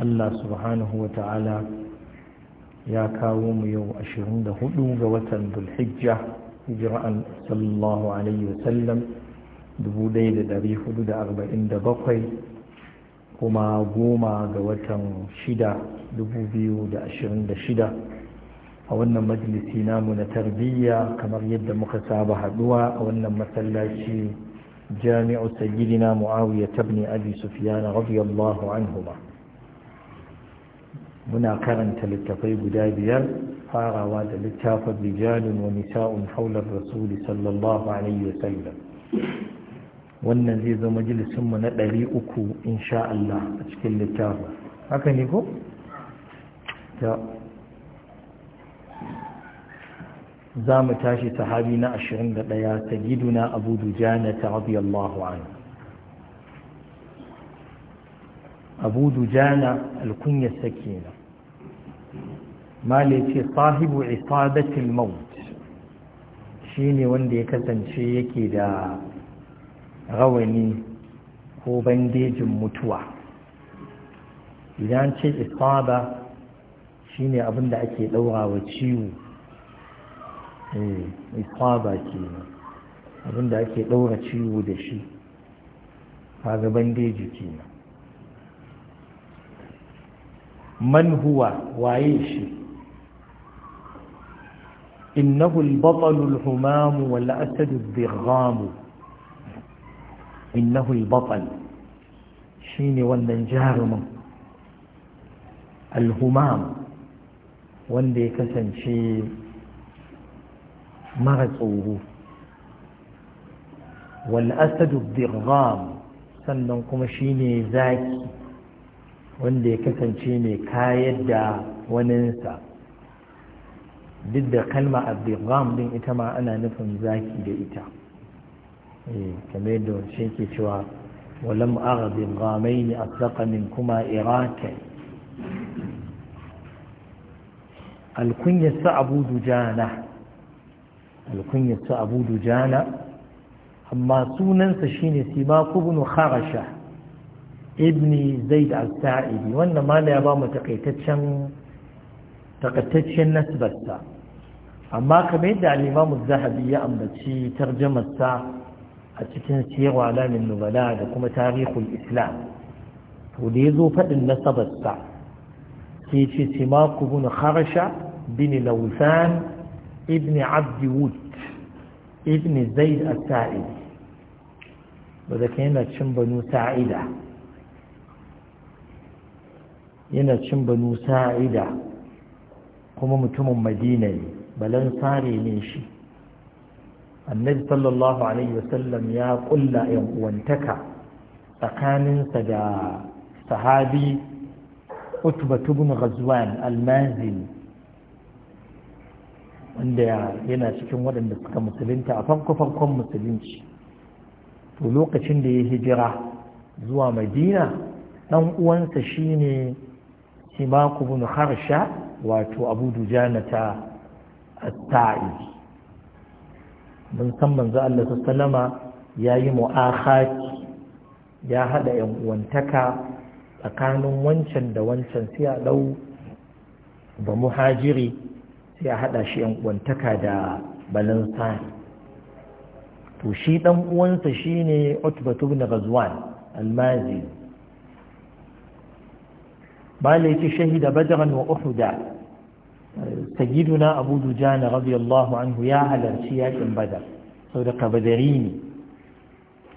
Allah subhanahu wa ta'ala ya kawo mu yau 24 ga watan Dhulhijja hijra'an sallallahu alaihi wa sallam 1447 kuma goma ga watan 6 2026 a wannan majalisi namu na tarbiyya kamar yadda muka saba haduwa a wannan masallaci jami'u sayyidina muawiya ibn abi sufyan radiyallahu anhuma muna karanta littafai guda biyar farawa da littafin rijalun wa nisa'un haular rasuli sallallahu alaihi wa sallam wannan zai zama zo mu na ɗari uku insha Allah a cikin littafin haka ne ko? za mu tashi sahabi na ashirin da ɗaya ta giduna abu dujana ta radiyallahu anhu abu dujana alkunyar sakina mali ce sahibu isadatil maut shine wanda ya kasance yake da rawani ko bandejin mutuwa idan ce isada shine abin da ake daurawa ciwo eh isada kenan abin da ake daura ciwo da shi kaga bandeji kenan man huwa waye shi إنه البطل الهمام والأسد الضغام إنه jihar شين والنجارم الهمام wanda ya kasance mara tsoro wal'asadu dirham sannan kuma shine zaki wanda ya kasance mai kayar da waninsa duk da kalma abdigham din ita ma ana nufin zaki da ita eh, kamar yadda shi ke cewa walam aghdin ne a min kuma iraka alkunyar sa abu dujana alkunyar sa abu dujana amma sunansa shine simaku ibn kharasha ibni zaid al-sa'idi wannan ma ya ba mu takaitaccen takaitaccen nasbarsa amma kamar yadda al'imamu zahabi ya ambaci tarjamarsa a cikin siyarwa alamin nubala da kuma tarihul islam to da ya zo faɗin nasabarsa sai ce simaku bin harsha bin lausan ibn abdi ibn zaid said wadda ka yana cin banu sa'ida yana cin banu sa'ida kuma mutumin madina ne sare ne shi annabi sallallahu alaihi wasallam ya kulla yan uwantaka tsakaninsa da sahabi utbatu bin ghazwan almazini wanda yana cikin waɗanda suka musulunta a farko-farkon musulunci to lokacin da ya hijira zuwa madina ɗan uwansa shine simaku bin harsha wato abu dujana ta ta'i mun san manzo Allah sallama ya yi mu'akhati ya haɗa yan uwantaka tsakanin wancan da wancan sai a ɗau ba muhajiri sai a haɗa shi yan uwantaka da balansa to shi ɗan uwansa shine Utbatu ibn Ghazwan al-Mazi malaki shahida badran wa uhuda sayyiduna abu dujana radiyallahu anhu ya halarci yakin badar sau da kabadari ne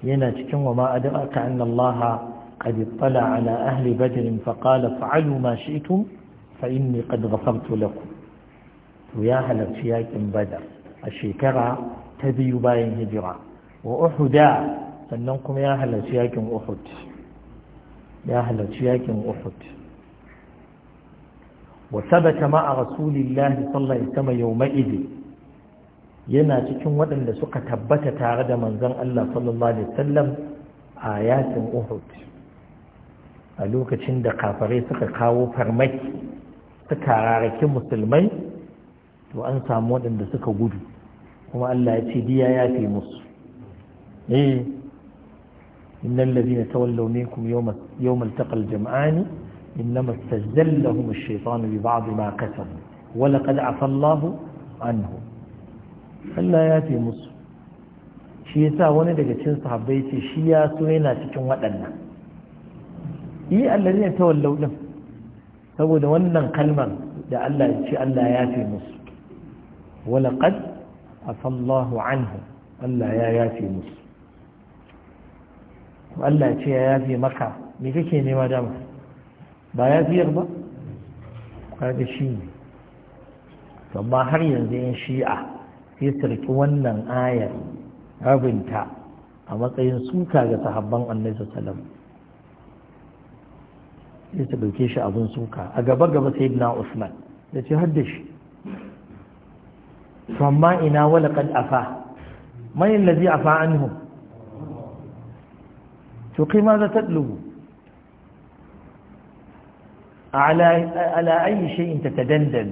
yana cikin wa ma adraka anna Allah qad ittala ala ahli badr fa qala fa'alu ma shi'tum fa inni qad ghafartu lakum to ya halarci yakin badar a shekara ta biyu bayan hijira wa uhuda sannan kuma ya halarci yakin uhud ya halarci yakin uhud وثبت مع رسول الله صلى الله عليه وسلم يومئذ yana cikin waɗanda suka tabbata tare da manzon Allah sallallahu alaihi wasallam a yakin Uhud a lokacin da kafarai suka kawo farmaki suka raraki musulmai to an samu waɗanda suka gudu kuma Allah ya ce diya ya fi musu eh innal ladina tawallaw minkum yawma yawmal taqal jam'ani إنما استزلهم الشيطان ببعض ما كسبوا ولقد عفى الله عنه Allah ya fi musu shi sa wani daga cikin sahabbai ce shi ya so yana cikin waɗannan yi Allah ne ta wallau din saboda wannan kalmar da Allah ya ce Allah ya fi musu walaqad afallahu anhu Allah ya yafe musu Allah ya ce ya yafe maka me kake nema dama ba ya ziyar ba kaga shi ne amma har yanzu yin shi'a sai su riƙi wannan ayar rabinta a matsayin suka ga sahabban annabi sallam sai su ɗauke shi abin suka a gaba gaba sai na usman da ce har da shi amma ina wala kad afa man allazi afa anhu to kai ma za ta ɗlubu على على أي شيء تتدندن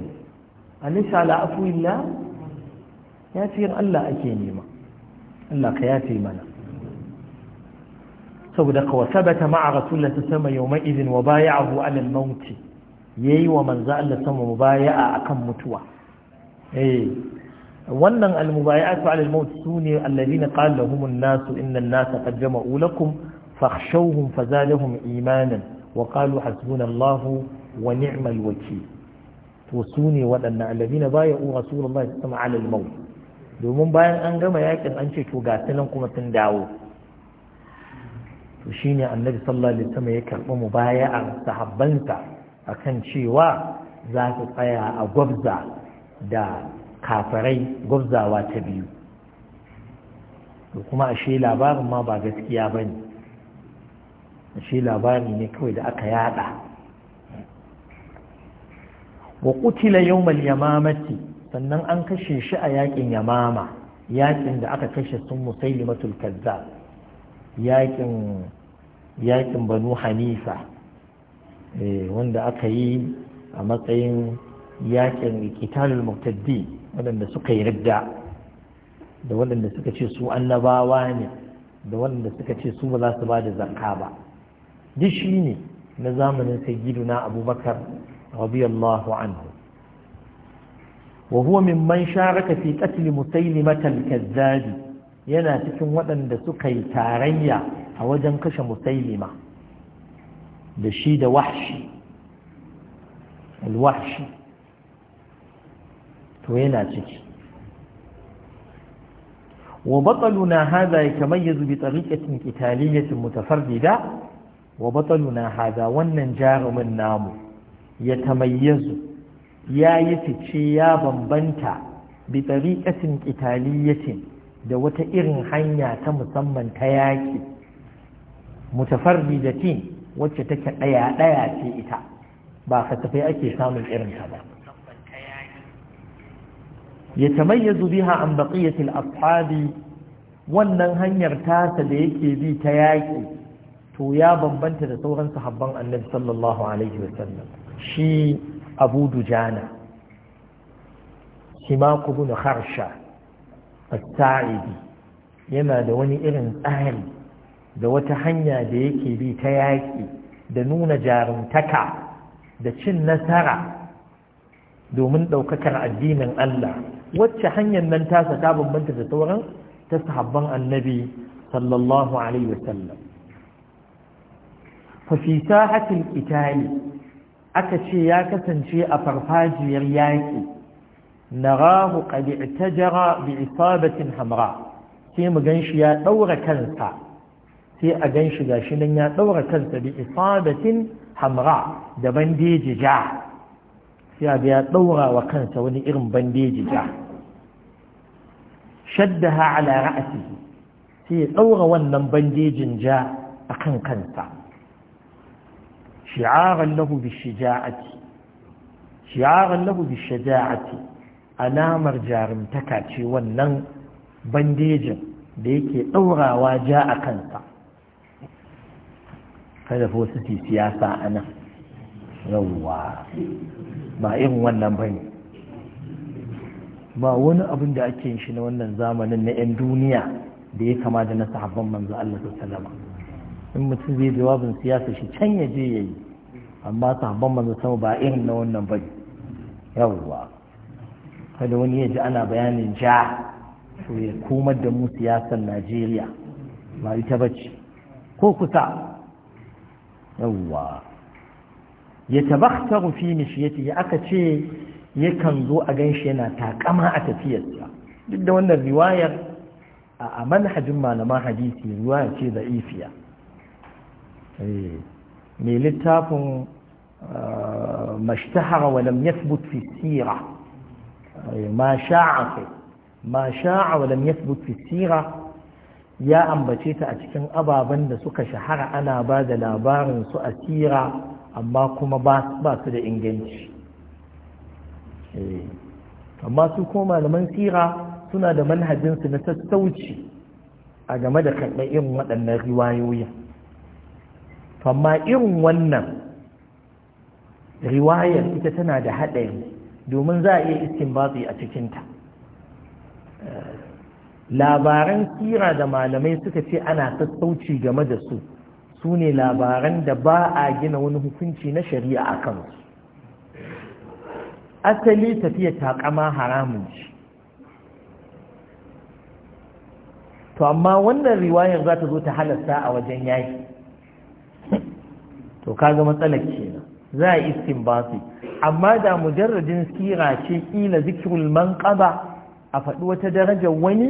أليس على عفو الله يافير الله أكيني ما الله كيافي منا صدق وثبت مع رسول الله سمى يومئذ وبايعه على الموت يي ومن زال سمى مبايعة أكم متوى إيه wannan almubayatu ala al-maut sune alladhina qala lahum an-nas inna an-nasa qad jama'u lakum fakhshawhum fazadahum imanan wa qalu hasbunallahu wa ni'mal wakil to su ne waɗannan alladina baya u rasulullahi sallallahu alaihi wasallam domin bayan an gama yakin an ce to ga nan kuma sun dawo to shine annabi sallallahu alaihi wasallam ya karɓi mubaya'ar sahabbansa akan cewa za su tsaya a gwabza da kafirai gwabzawa ta biyu to kuma ashe labarin ma ba gaskiya bane shi labari ne kawai da aka yada wa kutila yawmal yamamati sannan an kashe shi a yakin yamama yakin da aka kashe sun musailimatul kazzab yakin yakin banu hanifa eh, wanda aka yi a matsayin yakin kitalul muktaddi waɗanda suka yi ridda da waɗanda suka ce su annabawa ne da waɗanda suka ce su ba za su ba da zakka ba duk shi ne na zamanin na abubakar radiyallahu anhu wa huwa mimman sharaka fi qatl musaylimata al-kazzab yana cikin waɗanda suka yi tarayya a wajen kashe musaylima da shi da wahshi al-wahshi to yana ciki وبطلنا هذا يتميز بطريقة قتالية mutafarrida wa na haza wannan jarumin namu ya tamayyazu ya yi fice ya bambanta bi tariqatin qitaliyatin da wata irin hanya ta musamman ta yaki mutafarridatin wacce take ɗaya ɗaya ce ita ba kasafai ake samun irin ba ya tamayyazu biha an baqiyatil ashabi wannan hanyar tasa da yake bi ta yaki to ya bambanta da sauran sahabban annabi sallallahu alaihi wasallam shi abu dujana shi ibn harsha as-sa'idi yana da wani irin tsari da wata hanya da yake bi ta yaƙi da nuna jarumtaka da cin nasara domin ɗaukakar addinin Allah wacce hanyar nan tasa ta bambanta da sauran ta sahabban annabi sallallahu alaihi wasallam fafi sahatin itali aka ce ya kasance a farfajiyar yaƙi na rahu ƙabi ta jara bi isabatin hamra sai mu gan shi ya ɗaura kansa sai a gan shi gashi nan ya ɗaura kansa bi isabatin hamra da bandeji ja sai a ya ɗaura wa kansa wani irin bandeji ja shaddaha ala ra'asi sai ya ɗaura wannan bandejin ja a kan kansa shi'aran lahu bishija'ati shi'aran lahu bishija'ati alamar jarumtaka ce wannan bandejin da yake ɗaurawa ja a kansa kada fa wasu siyasa a nan yawwa ba irin wannan ba ne ba wani abin da ake shi na wannan zamanin na 'yan duniya da ya kama da na sahabban manzo Allah sallallahu alaihi wasallam in mutum zai jawabin siyasa shi can ya je yayi amma sahabban manzo sama ba irin na wannan bane yawwa kada wani ya ji ana bayanin ja to ya komar da mu siyasar Najeriya ba ita bace ko kusa yawwa ya tabakhtaru ya mishiyatihi aka ce yakan zo a ganshi yana takama a tafiyarsa duk da wannan riwayar a manhajin malaman hadisi riwaya ce da ifiya mai littafin mashtahara wa lam yathbut fi sira ma sha'a kai ma sha'a wa lam yathbut fi sira ya ambace ta a cikin ababen da suka shahara ana ba da labarin su a sira amma kuma ba su da inganci amma su ko malaman sira suna da manhajinsu na sassauci a game da karɓar irin waɗannan riwayoyin amma irin wannan riwayar ita tana da haɗari domin za a iya istinbati a cikinta eh, labaran kira da malamai suka ce ana sassauci game da su su ne labaran da ba a gina wani hukunci na shari'a a kansu asali tafiya takama haramun ce to amma wannan riwayar za ta zo ta halasta a wajen yaki to kaga matsalar kenan za a basi. amma da mujarradin sira ce kila zikrul manqaba a faɗi wata darajar wani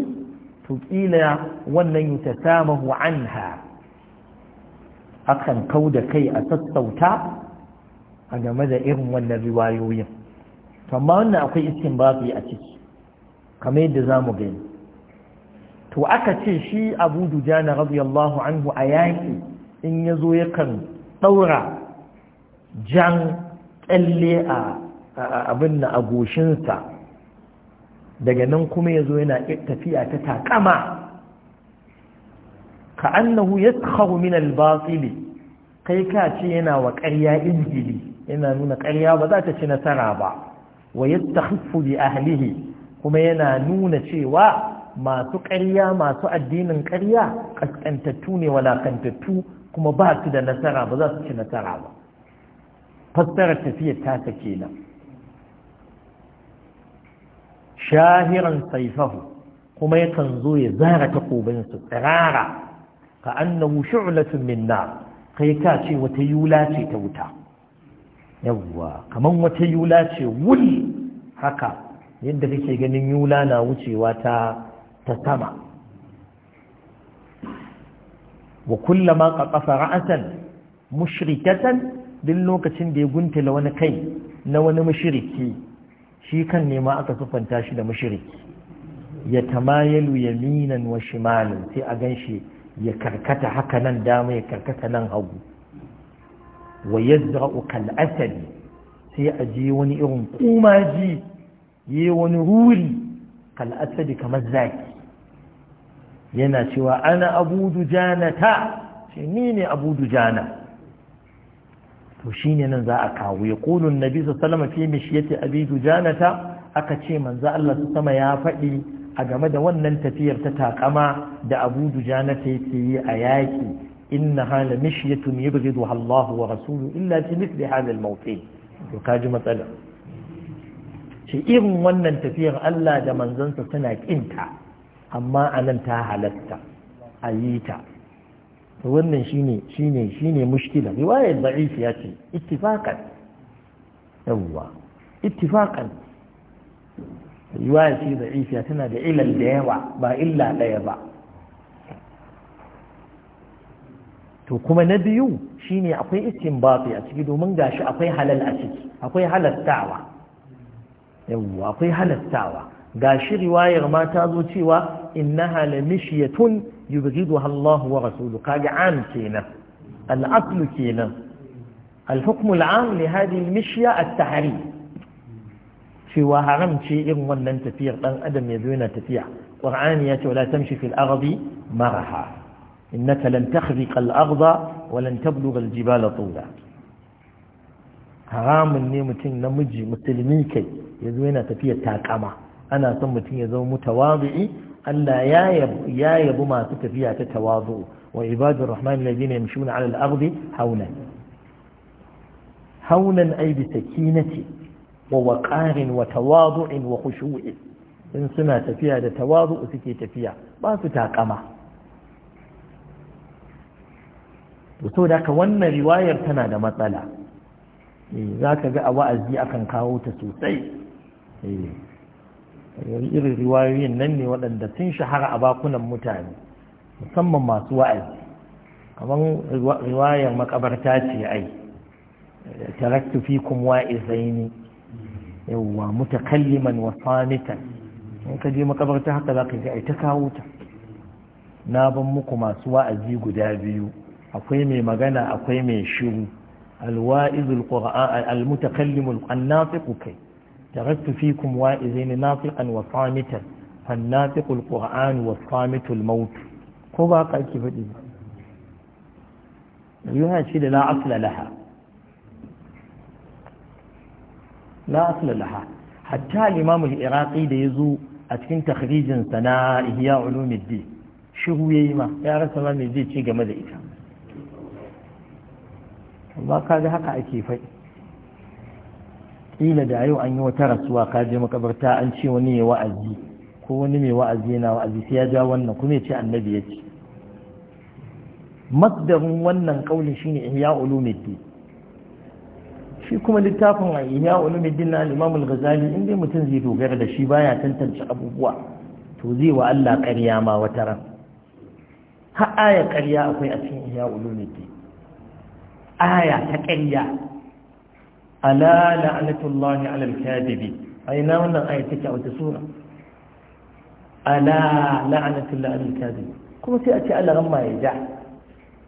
to kila wannan samu anha akan kau da kai a sassauta a game da irin wannan riwayoyin amma wannan akwai basi a ciki kamar yadda za mu gani to aka ce shi abu dujana radiyallahu anhu a yaƙi in ya zo yakan ɗaura jan tsalle a abin na agoshinsa daga nan kuma ya zo yana tafiya ta takama ka annahu ya tsawo min albatili kai ka ce yana wa ƙarya injili yana nuna ƙarya ba za ta ci nasara ba wa ya tahifu bi ahlihi kuma yana nuna cewa masu ƙarya masu addinin ƙarya ƙasƙantattu ne walakantattu kuma ba su da nasara ba za su ci nasara ba fassarar tafiyar tasa kenan shahiran saifahu kuma yakan zo ya zara takobinsu tsirara ka annahu shu'latun min nar kai ka ce wata yula ce ta wuta yawwa kaman wata yula ce wuli haka yadda kake ganin yula na wucewa ta ta sama wa kullama qaqasa ra'atan mushrikatan duk lokacin da ya guntula wani kai na wani mushriki shi kan nema aka sufanta shi da mushriki ya tamayalu yaminan wa malam, sai a ganshi ya karkata haka nan dama ya karkata nan hagu wa yazra'u kal asali sai a je wani irin kumaji yi wani ruri kal asali kamar zaki yana cewa ana abudu janata ce ni ne abudu jana to shine nan za a kawo ya kulun nabi su salama fi mishiyati abidu janata aka ce manza Allah su sama ya faɗi a game da wannan tafiyar ta takama da abudu janata yake yi a yaƙi inna la mishiyatun yubghiduha Allah wa rasuluhu illa fi mithli hadha al-mawqif to kaji matsala shi irin wannan tafiyar Allah da manzansa suna kinta amma a nan ta halatta a yi ta wannan shine shine shine mushkila riwayar da'if ya ce ittifaqan yawwa ittifaqan riwayar shi da'if ya tana da ilal da yawa ba illa daya ba to kuma na biyu shine akwai bafi a ciki domin gashi akwai halal a ciki akwai halattawa yawwa akwai halattawa gashi riwayar ma ta zo cewa innaha la mishyatun yubghiduha Allah wa rasuluhu kaga an kenan al-aslu kenan الحكم العام لهذه المشية التحريم في وهرم شيء ونن تفير أن أدم يذوين تفير قرآنية ولا تمشي في الأرض مرحا إنك لن تخرق الأرض ولن تبلغ الجبال طولا حرام ني متين نمجي مسلمي كي يذوين تفير تاكما ana son mutum ya zama mutawazi'i Allah ya yabu masu tafiya ta tawazu wa ibadur rahman alladhina yamshuna 'ala al-ardi hawlan hawlan ay bi sakinati wa waqarin wa tawadu'in wa khushu'in in suna tafiya da tawazu suke tafiya ba su takama to da wannan riwayar tana da matsala eh, za ka ga a wa'azi akan kawo ta sosai eh. irin riwayoyin nan ne waɗanda sun shahara a bakunan mutane musamman masu wa'azi kamar riwayar makabarta ce ai taraktu fikum wa'izaini yawwa mutakalliman wa sanitan in ka je makabarta haka za ka ji ai ta kawo ta na ban muku masu wa'azi guda biyu akwai mai magana akwai mai shiru alwa'izul qur'an almutakallimul annasiqu kai taraktu fikum wa'izain nafiqan wa qanitan fannafiqul qur'an wa qanitul maut ko ba ka ake faɗi ba yana ce da la asla la asla hatta al-imam al-iraqi da yazo a cikin takhrijin sa na ihya ulumuddin shiru ma ya me zai ci game da ita amma kaga haka ake faɗi kila da yau an yi wata rasuwa ka je makabarta an ce wani ya wa'azi ko wani mai wa'azi yana wa'azi sai ya ja wannan kuma ya ce annabi ya ce masdarin wannan kaulin shine ihya ulumuddin shi kuma littafin a ihya ulumuddin na Imam al-Ghazali in dai mutum zai dogara da shi baya tantance abubuwa to zai wa Allah ƙarya ma wata ran har aya ƙarya akwai a cikin ihya ulumuddin aya ta ƙarya ala la'natullahi ala al-kadibi aina wannan ayat take a wata sura ala la'natullahi ala al-kadibi kuma sai a ce Allah ramma ya ja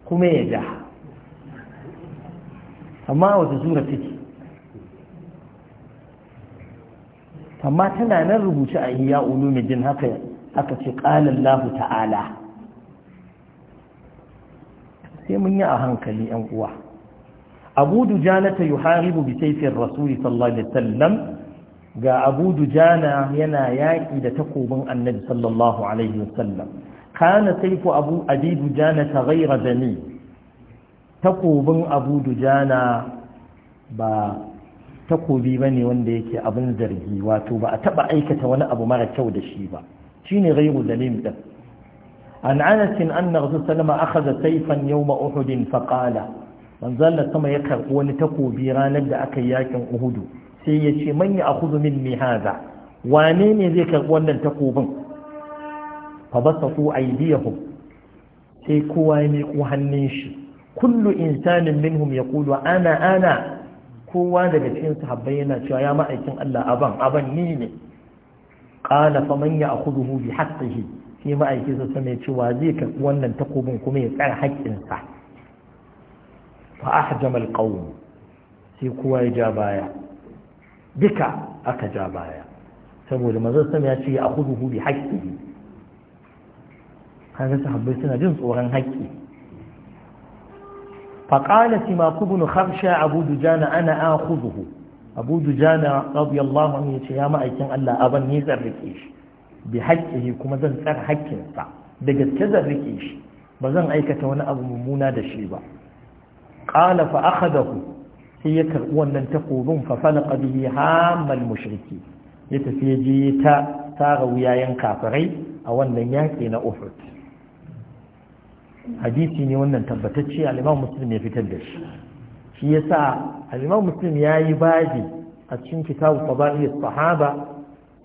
kuma ya ja amma a wata sura take amma tana nan rubuce a iya ulumuddin haka aka ce qalan lahu ta'ala sai mun yi a hankali yan uwa abu dujanata yuharibu bi sayfir Rasuli, sallallahu alaihi wasallam ga abu dujana yana yaƙi da takobin annabi sallallahu alaihi wasallam kana saifu abu abi dujana ta ghaira zani takobin abu dujana ba takobi ba ne wanda yake abin zargi wato ba a taɓa aikata wani abu mara kyau da shi ba shine ne ghairu zalim ɗin an anasin an na rasu salama aka da saifan yau ma'uhudin faƙala manzalla sama ya karɓi wani takobi ranar da aka yi yakin uhudu sai ya ce manya a kudu min ni haza wane ne zai karɓi wannan takobin fa yi su aidiyahum sai kowa ya miƙo hannun shi kullu insanin minhum ya kulu ana ana kowa daga cikin sahabbai yana cewa ya ma'aikin Allah aban aban ni ne qala fa man ya'khudhuhu bi haqqihi sai ma'aikin sa sai cewa zai karɓi wannan takobin kuma ya tsara haƙƙinsa fa ahjamal qawm sai kuwa ya ja baya duka aka ja baya saboda manzon sallallahu alaihi wasallam ya ce akhuduhu bi haqqihi kaga sahabbai suna jin tsoron haƙƙi fa qala sima kubun khamsha abu dujana ana akhuduhu abu dujana radiyallahu anhu yace ya ma'aikin Allah aban ni zarrike shi bi kuma zan tsara haƙƙinsa da gaske zarrike shi ba zan aikata wani abu mummuna da shi ba ƙala fa akhadahu sai ya karɓi wannan takobin fa falaqa bihi hamal mushriki ya tafi ya je ta tara wuyayen kafirai a wannan yaƙi na Uhud hadisi ne wannan tabbatacce al Muslim ya fitar da shi shi yasa al-Imam Muslim yayi babi a cikin kitabu Fadail sahaba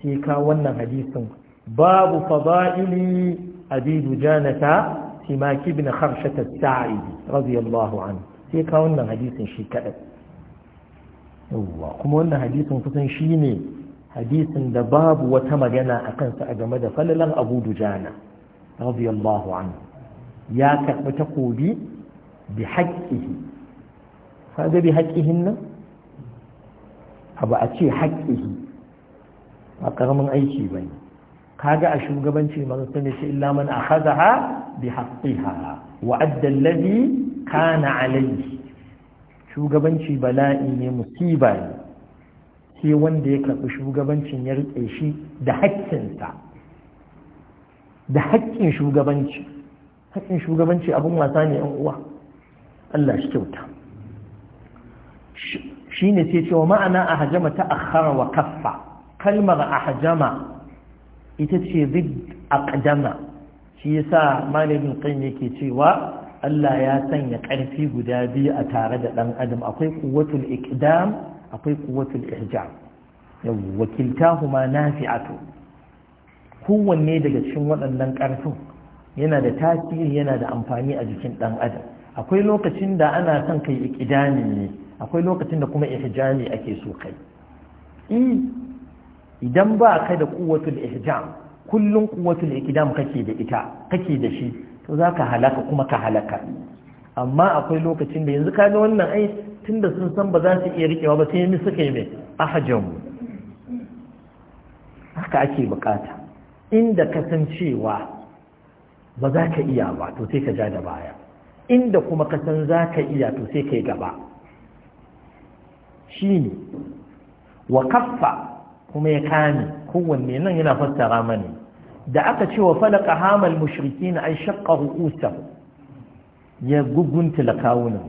sai ka wannan hadisin babu fadaili abidu janata simaki bin kharshata as-sa'idi radiyallahu anhu sai ka wannan hadisin shi kaɗai yawwa kuma wannan hadisin kusan shi ne hadisin da babu wata magana a kansa a game da falalan abu dujana radiyallahu anhu ya karɓi takobi bi haƙƙihi kaga bi haƙƙihin nan abu a ce haƙƙihi a ƙaramin aiki ba ne kaga a shugabanci masu sani ce illa man a bi haƙƙiha wa addallabi kana alayhi shugabanci bala'i ne musiba ne sai wanda ya karɓi shugabancin ya riƙe shi da haƙƙinsa da haƙƙin shugabanci haƙƙin shugabanci abin wasa ne yan uwa Allah shi kyauta shi ne sai cewa ma'ana a hajama ta akhara wa kaffa kalmar a hajama ita ce zid aqdama shi yasa malamin qayyim yake cewa Allah ya sanya ƙarfi guda biyu a tare da ɗan adam akwai kuwatul ikdam akwai kuwatul ihjam yau wakiltahuma nafi'atu kowanne daga cikin waɗannan ƙarfin yana da tasiri yana da amfani a jikin ɗan adam akwai lokacin da ana son kai ikidami ne akwai lokacin da kuma ihjami ake so kai idan ba ka da kuwatul ihjam kullum kuwatul ikidam kake da ita kake da shi to za ka halaka kuma ka halaka amma akwai lokacin da yanzu kaga wannan ai tunda sun san ba za su iya rikewa ba sai mi suka yi mai mu haka ake bukata inda ka san cewa ba za ka iya ba to sai ka ja da baya inda kuma ka san za ka iya to sai ka yi gaba Shi ne. wa kaffa kuma ya kame kowanne nan yana fassara mani da aka ce wa falaka hamal mushriki na ai shakka hukusa ya gugunta lakawunan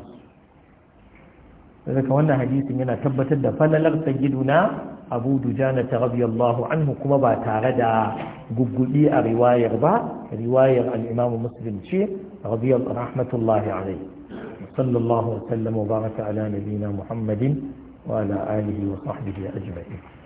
daga wannan hadisin yana tabbatar da falalar sayyiduna abu dujana ta rabi radiyallahu anhu kuma ba tare da gugudi a riwayar ba riwayar al-imamu muslim ce radiyallahu rahmatullahi alaihi sallallahu alaihi wa sallam wa baraka ala nabina muhammadin wa ala alihi wa sahbihi ajma'in